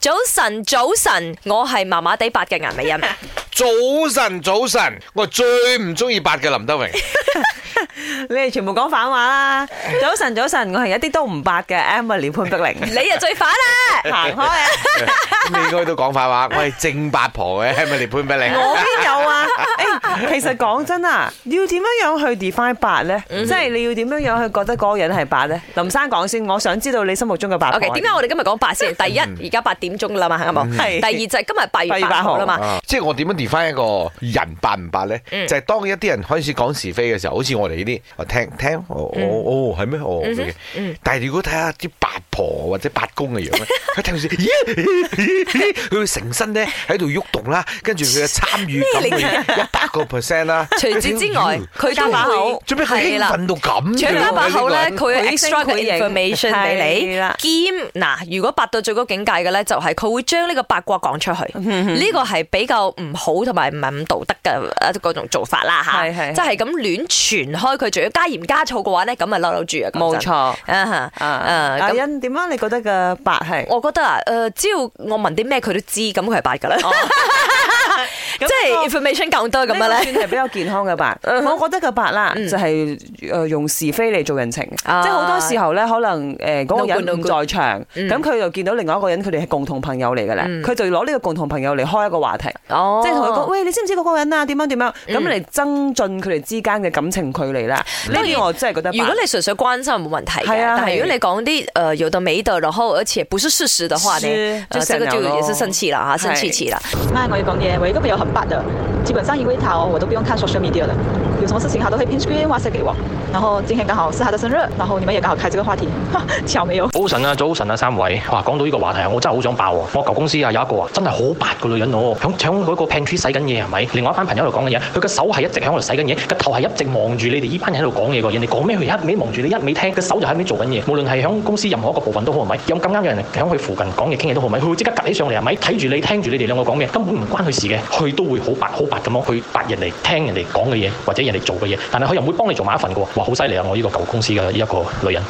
早晨，早晨，我係麻麻地八嘅顏美欣。早晨，早晨，我最唔中意八嘅林德榮。 你哋全部講反話啦！早晨，早晨，我係一啲都唔八嘅 Emily 潘德玲。 你啊最反啊，行開啊。 你應該都講反話，我係正八婆嘅 Emily 潘德玲。 我邊有啊？其實講真啊，你要點樣樣去 define 八咧？Mm -hmm. 即係你要點樣樣去覺得嗰個人係八咧？林生講先，我想知道你心目中嘅八、okay, 點解我哋今日講八先？ 第一，而家八點鐘啦嘛，係冇？係。第二就係今日八月八號啦嘛，啊啊。即係我點樣 define 一個人八唔八咧？就係、是、當一啲人開始講是非嘅時候，好似我哋呢啲，我聽聽我我係咩？哦，哦嗯、哦是哦嗯嗯但係如果睇下啲八婆或者八公嘅樣咧，佢 聽住，咦，佢會成身咧喺度喐動啦，跟住佢嘅參與一百個。p e 啦，除此之外，佢加把口，做咩佢興奮到咁？除咗加把口咧，佢、這個、extract information 俾你。兼，嗱，如果八到最高境界嘅咧，就係、是、佢會將呢個八卦講出去。呢、 這個係比較唔好同埋唔係咁道德嘅誒嗰種做法啦吓，係 係、啊，即係咁亂傳開佢，仲要加鹽加醋嘅話咧，咁咪嬲嬲住啊！冇錯啊嚇、uh, uh, uh, uh, 啊！阿欣點啊？你覺得嘅八係？我覺得啊，誒只要我問啲咩佢都知道，咁佢係八㗎啦。Oh. Oh, information 多咁樣咧，係比較健康嘅白。 我覺得個白啦，就係誒用是非嚟做人情，uh, 即係好多時候咧，可能誒嗰個人唔在場，咁、no、佢、no、就見到另外一個人，佢哋係共同朋友嚟嘅咧，佢、mm. 就攞呢個共同朋友嚟開一個話題，oh. 即係同佢講：喂，你知唔知嗰個人啊？點樣點樣咁嚟、mm. 增進佢哋之間嘅感情距離啦？呢啲我真係覺得，如果你純粹關心冇問題是、啊、但係如果你講啲誒由到尾度攞後，而且不是事實的話咧、呃，就這個就是生氣啦，嚇，生氣啦。唔係我要講嘢，我依個朋友基本上，因為他哦，我都不用看 social media 了。有什麼事情，他都會 pin screen WhatsApp 給我。然後今天剛好是他的生日，然後你們也剛好開這個話題哈哈，巧沒有？早晨啊，早晨啊，三位，哇，講到呢個話題啊，我真係好想爆啊！我舊公司啊有一個啊，真係好白個女人哦，響搶嗰個 pantry 洗緊嘢係咪？另外一班朋友喺度講緊嘢，佢個手係一直響度洗緊嘢，個頭係一直望住你哋。呢班人喺度講嘢嘅，人哋講咩佢一味望住你，一味聽，個手就喺度做緊嘢。無論係響公司任何一個部分都好係咪？是是有咁啱嘅人響佢附近講嘢傾嘢都好咪？佢會即刻隔起上嚟係咪？睇住你，聽住你哋兩個講嘢，根本唔關佢事嘅，佢都會好白好白咁樣去白人嚟聽人哋講嘅嘢或者，嚟做嘅嘢，但係佢又唔會幫你做埋一份嘅喎。哇，好犀利啊！我呢個舊公司嘅呢一個女人。